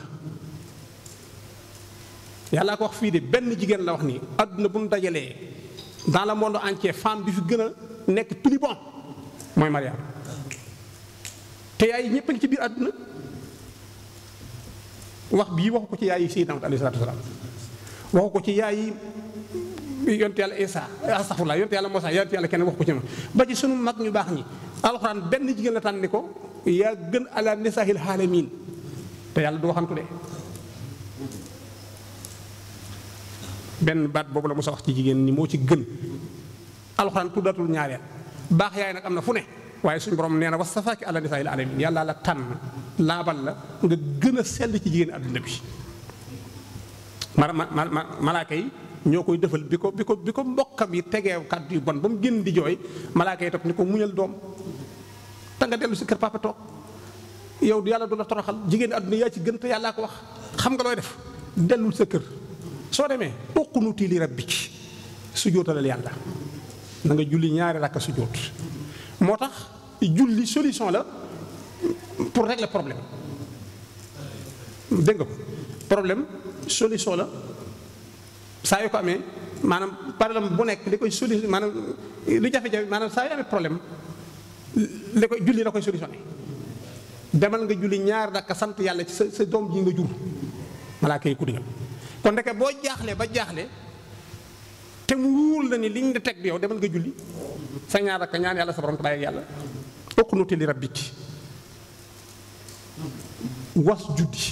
yàllaa ko wax fii de benn jigéen la wax nii àdduna bu nu dajalee daa le monde entier femme bi fi gën a nekk plus mooy Mariam te yaay ñëpp ngi ci biir àdduna wax bii waxu ko ci yaay yi Seydina Muhammad waxu ko ci yaay bi yonte yàlla Isa astafurla yonte yàlla Moussa yonte yàlla keneen wax ko ci ma ba ci sunu mag ñu baax ñi benn jigéen la tànn ko yaa gën yàlla du waxantu de benn baat boobu la Moussa wax ci jigéen ñi moo ci gën alxuraan tuddatul ñaareel baax yaay nag am na fu ne waaye suñ suñu borom nee na wastafaaki ala nisahil alamin yàlla la tànn laabal la nga gën a sell ci jigéen àdduna bi ma malaaka yi ñoo koy defal bi ko bi ko bi ko mbokkam yi tegee kàddu yu bon ba mu génn di jooy malaaka yi topp ni ko muñal doom te nga dellu si kër papa toog yow yàlla du la toroxal jigéen àdduna yaa ci gën te yàllaa ko wax xam nga looy def dellul sa kër soo demee uqnutii li rabbik sujjóotalal yàlla na nga julli ñaari rakka sujjóot moo tax julli solution la pour régler problème dégg nga ko problème solution la saa yu ko amee maanaam problème bu nekk li koy solution maanaam lu jafe-jafe maanaam saa yu amee problème li koy julli la koy solutionné demal nga julli ñaar dakka sant yàlla ci sa sa doom ji nga jur malaaka yi kuddigal kon ndeke boo jaaxlee ba jaaxle te mu wóor la ni liñ la teg yow demal nga julli sa ñaar dakka ñaan yàlla sa borom te bàyyi yàlla uqnuti li rabbiki was juddi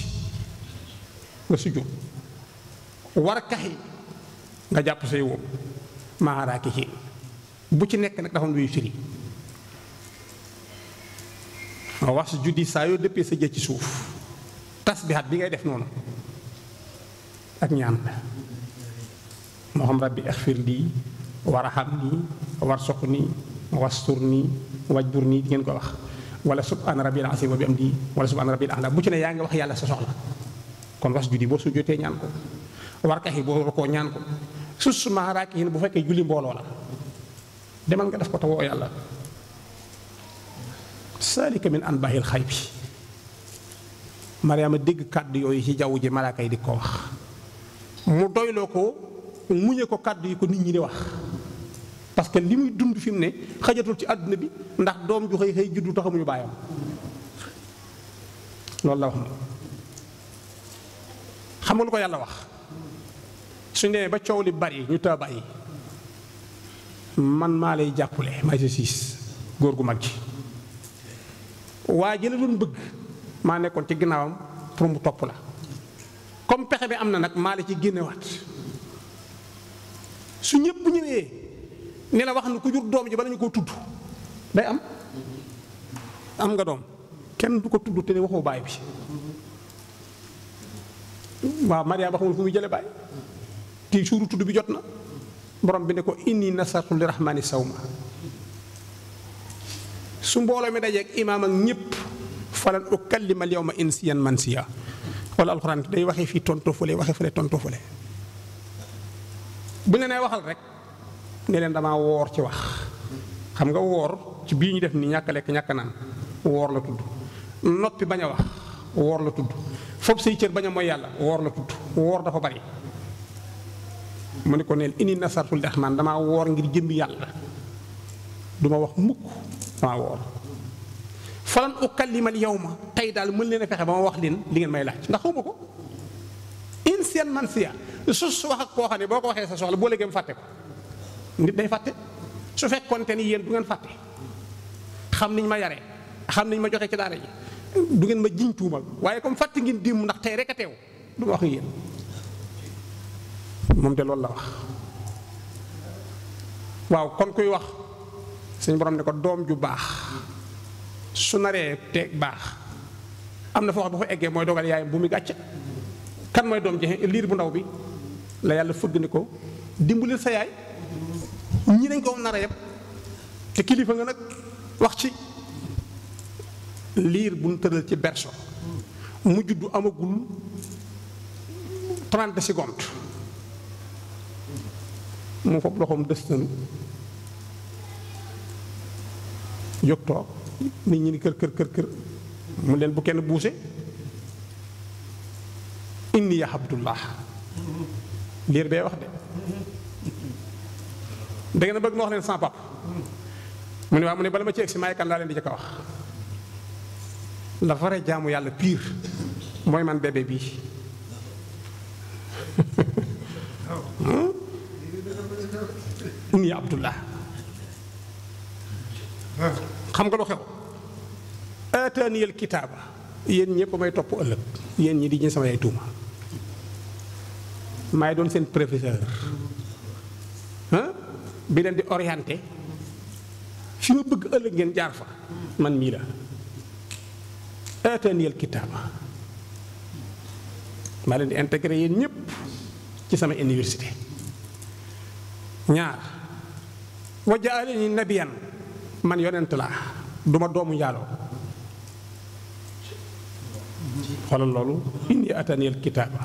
war kaxi nga jàpp say woom maaraaki ci bu ci nek nak dafa am luy wa wax judi sa yo dëppee sa jë ci suuf tasbihat bi ngay def non ak ñaan mo xam rabbi axfir li warhamni warsukni wasturni wajburni di ngeen ko wax wala subhan rabbil azim bi amdi wala subhan rabbil a'la bu ci ne ya nga wax yalla sa soxla kon was judi bo su jote ñaan ko warkaxi bo ko ñaan ko sus maaraak yi bu fekkee julli mbooloo la demal nga def ko tawoo yàlla saalika min an baaxil xay bi mariama dégg kàddu yooyu ci jaww ji malaaka yi di ko wax mu doyloo ko muñe ko kàddu yi ko nit ñi di wax parce que li muy dund fi mu ne xajatul ci àdduna bi ndax doom ju xëy xëy juddu taxamuñu baayam loolu la wax ma xam nga lu ko yàlla wax suñ demee ba coow li bari ñu taa bàyyi man maa lay jàppale may sa siis góor gu mag ji waa ji la doon bëgg maa nekkoon ci ginnaawam pour mu topp la comme pexe bi am na nag maa la ci génnewaat su ñëpp ñëwee ni la wax ni ku jur doom ji bala ñu koo tudd day am am nga doom kenn du ko tudd te ne waxoo baay bi waaw Maria ba xamul fu muy jële baay te suru tudd bi jot na borom bi ne ko inni nasartu lirahmani sawma su mbolo mi dajek imam ak falan ukallima al yawma insiyan mansiya wala alquran day waxe fi tonto fele waxe fele tonto fele bu ne waxal rek ne len dama wor ci wax xam nga wor ci bii ñu def ni ñaka lek ñaka nan wor la tudd noppi baña wax wor la tudd fop sey cër baña moy yalla wor la tudd wor dafa bari mu ne ko na ini nasartul rahman damaa woor ngir jëmbi yàlla duma wax mukk damaa woor falan ukallimal yow ma tey daal mën leen fexe ba ma wax leen li ngeen may laaj ndax xawma ko in seen man siya sus wax ak koo xam ne boo ko waxee sa soxla boo léegi mu fàtte ko nit day fàtte su fekkoonte ni yéen du ngeen fàtte xam niñ ma yaree xam niñ ma joxe ci daara ji du ngeen ma jiñ tuumal waaye comme fàtte ngeen diim ndax tey rek a teew du moom de loolu la wax waaw kon kuy wax suñu borom ne ko doom ju baax su naree te baax am na foo xam ne fa eggee mooy dogal yaayam bu muy gàcc kan mooy doom jeexe liir bu ndaw bi la yàlla fëgg ni ko dimbalil sa yaay ñi dañ ko nara a te kilifa nga nag wax ci liir bu ñu tëral ci berso mu juddu amagul 30 secondes mu fob loxoom dëstanu jóg toog nit ñi ni kër kër kër kër mu leen bu kenn buuse inni ya abdullah liir bee wax de da ngeen a bëgg ma wax leen sans pap mu ne waaw mu ne bala ma ci egsi maay kan laa leen di jëkk wax la vrai jaamu yàlla piir mooy man bébé bii hmm? ummi abdullah xam nga lu xew aataaniyal kitaaba yéen ñëpp may topp ëllëg yéen ñi di ñu sama ay tuuma maay doon seen professeur bi leen di orienté fi ma bëgg ëllëg ngeen jaar fa man mii la aataaniyal kitaaba maa leen di intégré yéen ñëpp ci sama université ñaar wa jaalani nabiyan man yonent la duma doomu njaaloo xoolal loolu inni atani al kitaaba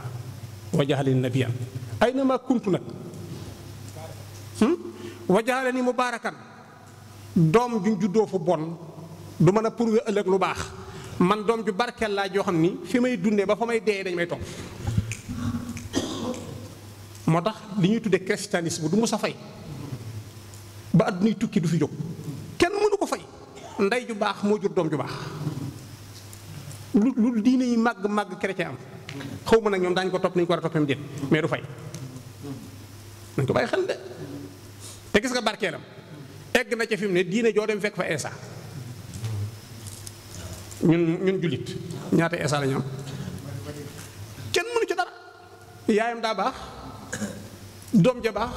wa jaalani nabiyan ay na ma kuntu nag hmm? wa jaalani mubaarakan doom ju juddoo fu bon du na a prouver ëllëg lu baax man doom ju barkeel laa joo xam ni fi may dundee ba fa may dee dañ may topp moo tax li ñuy tuddee christianisme du mu sa fay ba àddunay tukki du fi jóg kenn mënu ko fay ndey ju baax moo jur doom ju baax lu lu diine yi màgg màgg chrétien am xaw ma nag ñoom daañu ko topp nañu ko war a toppam déet mais du fay nañ ko bàyyi xel de te gis nga barkeelam egg na ca fi mu ne diine joo dem fekk fa eesa ñun ñun jullit ñaata eesa la am kenn mënu ci dara yaayam daa baax doom ja baax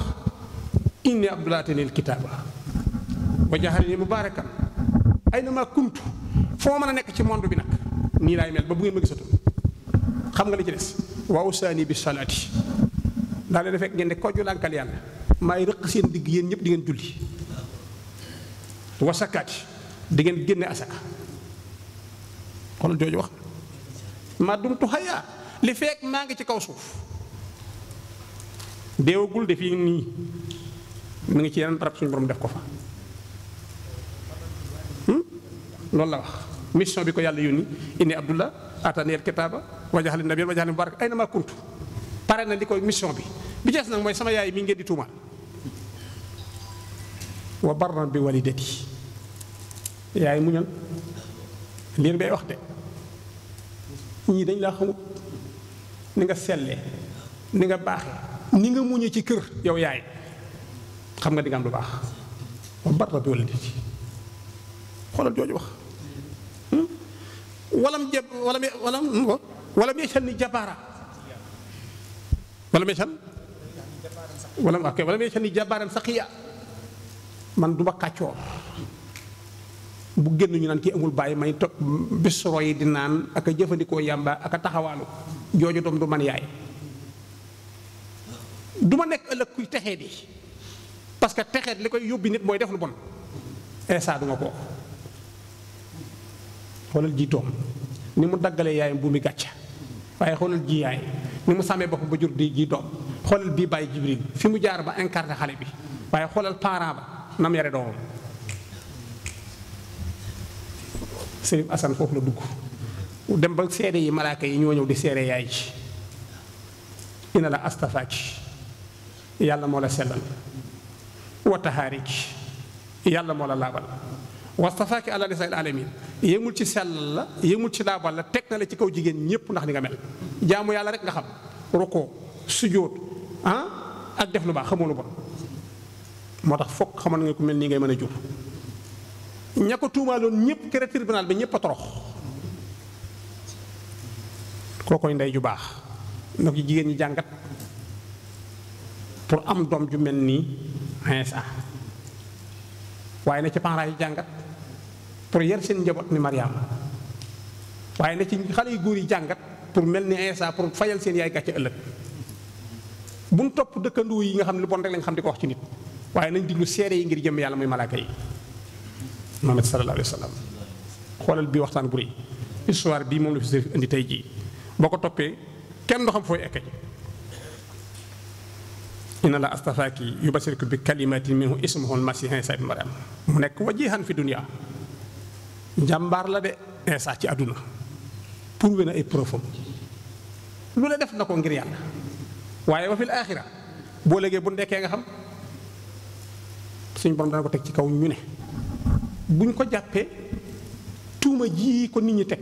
inni abdulaatanil kitaaba wa jaxalani mubaarakan ay na maa kuntu foo mën a nekk ci monde bi nag nii laay mel ba bu ngeen ma gisatul xam nga li ci des waaw saani bi salaati daa leen fekk ngeen ne kojju lànkal yàlla maay rëq seen digg yéen ñëpp ngeen julli wasakaati di ngeen génne asaka xoolal jooju wax maa dumtu hayaa li fekk maa ngi ci kaw suuf deewagul def nii mu ngi ci yeneen barab suñu borom def ko fa hmm? loolu la wax mission bi ko yàlla yónni inni abdullah ataniyal kitaaba wajaxali nabiyyan wajaxali mubarak ay na ma kuntu pare na li koy mission bi bi jeex nag mooy sama yaay mi ngeen di tuumaal wa barran bi walidati yaay muñal liir bay wax de ñii dañ laa xamut ni nga sellee ni nga baaxee ni nga muñe ci kër yow yaay xam nga di nga am lu baax wa barra bi walidati xoolal jooju wax hmm? walam jab walam walam hmm, walam yashal ni jabaara walam yashal walam ok walam yashal ni jabaaran saqiya man du ma kàccoor bu génn ñu naan kii amul bàyyi may topp bis roy di naan ak a jëfandikoo yàmba ak a taxawaalu jooju doom du man yaay du ma nekk ëllëg kuy texee di parce que texeet li koy yóbbi nit mooy def bon insa du ma kooku xoolal jiitoom ni mu daggale yaayam bu mi gàcc waaye xoolal ji yaay ni mu sàmmee boppam ba jur di jiitoom xoolal bii bàyyi jibril fi mu jaar ba incarné xale bi waaye xoolal parent ba nam yare doomam Sëriñ Asan foofu la dugg dem ba seede yi malaaka yi ñoo ñëw di seere yaay ji ina la astafaaki يالله مولا سلال وتهارج يالله مولا لابل واستفاك على لسان العالمين يمول شي سلال لا يمول شي لابل لا تكنا لي كو جيجين نيب ناخ نيغا مل جامو يالله رك نخم ركو سجود ها اك ديف لو با خمو لو با موتاخ فوك خمان نغي كو ملني نغي مانا جوب نياكو توما لون نيب كره تريبنال بي نيب تروخ كوكو ندي جو باخ نوك جيجين ني جانغات pour am doom ju mel nii Iisaa waaye na ci parents yi jàngat pour yar seen njaboot ni Mariama waaye na ci xale yu góor yi jàngat pour mel ni Iisaa pour fayal seen yaay gàcce ëllëg buñ topp dëkkandoo yi nga xam ne lu bon rek lañ xam di ko wax ci nit waaye nañ diglu seere yi ngir jëm yàlla muy malaaka yi Muhammad sallallahu alayhi wa xoolal bii waxtaan bu rëy bii moom la indi tey jii boo ko toppee kenn du xam fooy ekkee inna la astafaaki yubasirku bi kalimatin minhu ismuhu almasiha isa ibn mariam mu nekk wajihan fi dunia njàmbaar la de insa ci àdduna prouvé na ay profam lu la def na ko ngir yàlla waaye wa fil aaxira boo léegi bu ndekkee nga xam suñ borom dana ko teg ci kaw ñu ne buñ ko jàppee tuuma ji ko nit ñi teg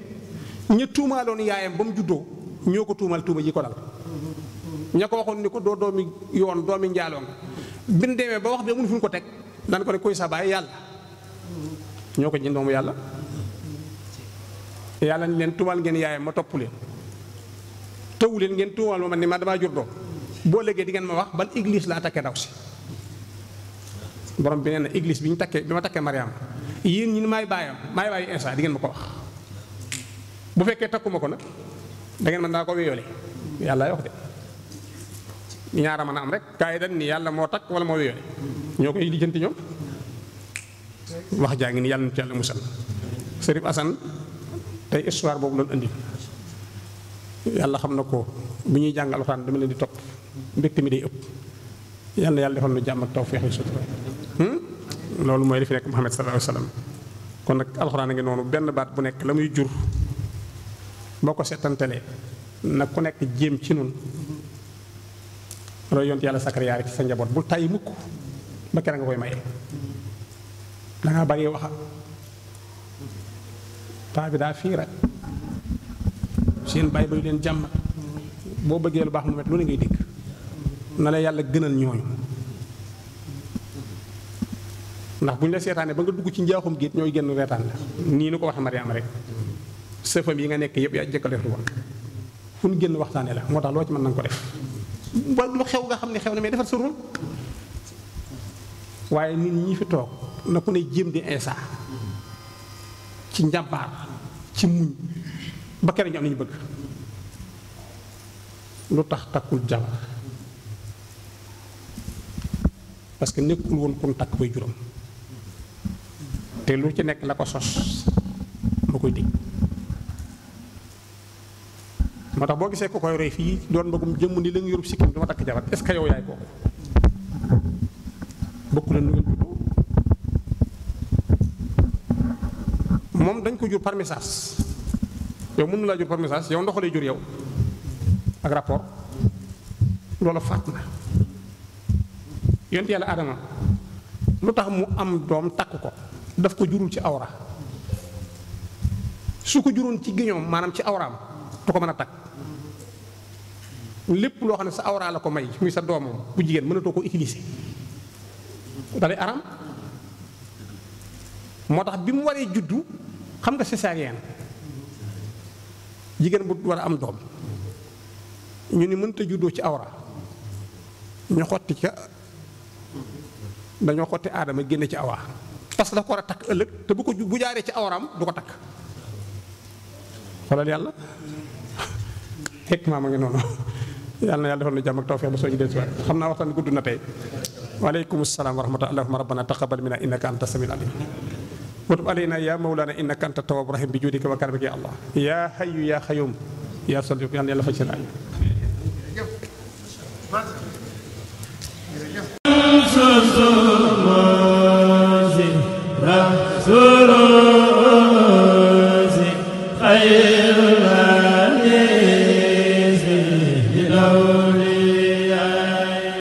ña tuumaaloon yaayam ba mu juddoo ñoo ko tuumal tuuma ji ko dal ña ko waxoon ni ko doo doomi yoon doomi njaaloo nga bin demee ba wax bi amul fu ñu ko teg daan ko ne koy sa baay yàlla ñoo ko jënd moomu yàlla yàlla ni leen tuumaal ngeen yaayam ma topp leen leen ngeen tuumaal ma man ni ma damaa jur doom boo léegi dingeen ma wax ban église laa takkee ndaw si borom bi nee na église bi ñu takkee bi ma takkee Mariama yéen ñi maay baayam maay baayu Insa dingeen ngeen ma ko wax bu fekkee takkuma ko nag da ngeen mën naa yàlla wax de ñaara mën am rek gaa yi dañ ni yàlla moo takk wala moo wéyoone ñoo koy lijjanti ñoom wax jaa ngi ni yàlla na ci yàlla musal sërif asan tey histoire boobu loolu indi yàlla xam na ko bu ñuy jàng alxuraan dama leen di topp mbégte mi day ëpp yàlla yàlla defal nu jàmm ak tawfeex ak sutura hmm? loolu mooy li fi nekk Muhammad sa alayhi wa kon nag alxuraan a ngi noonu benn baat bu nekk la muy jur boo ko seetantalee nag ku nekk jéem ci nun looy yont ya, yalla Sakariyaa rek ci sa njabot bu tay mukk ba kera nga koy maye nga bari waxa ta bi daa rek seen bay ba len jam bo beugé lu bax mu met lu ne ngay dik na la yalla gënal ñooñu ndax buñ la seetaanee ba nga dugg ci njaaxum geet ñoy gën reetaan la ni ni ko wax maryam rek sefam yi nga nekk yeb ya jëkkaleetu woon fu ñu génn waxtaane la motax lo ci man nang ko def ba lu xew nga xam ne xew na mais defar sa rôle waaye nit ñi fi toog na ku ne jéem di insa ci njàmbaar ci muñ ba keneen ñu am li ñu bëgg lu tax takkul jabar parce que nekkul woon kon takk bay juróom te lu ci nekk la ko sos ma koy dégg moo tax boo gisee ku koy roy fii doon magum jëm ni la nga yorub sikkim dama takk jabar est-ce yaay kooku bokku leen nu ngeen tudd moom dañ ko jur par message yow mën na laa jur par message yow ndox lay jur yow ak rapport loolu faat na yonent yàlla aadama lu tax mu am doom takk ko daf ko jurul ci awra su ko juroon ci géñoom maanaam ci awraam du ko mën a takk lépp loo xam ne sa awra la ko may muy sa doomam bu jigéen mënatoo ko utiliser dalay aram moo tax bi mu waree juddu xam nga césarienne jigéen bu war a am doom ñu ni mënta juddoo ci awra ñu xotti ca dañoo xotti aadama génne ci awra parce que dafa ko war a takk ëllëg te bu ko bu jaaree ci awraam du ko takk xoolal yàlla fekk maa ma ngi noonu yalla yalla defal ñu jamm ak tawfiq ba soñu dess wa xamna waxtan naa waxtaan gudd na tey waaleykum salaam wa rahmatullahi wa rabbana taqabbal minna innaka antas samiul alim watub alayna ya mawlana innaka antat tawwab rahim bi judika wa karamika ya allah ya hayyu ya qayyum ya sol yàlla yalla fa faj seen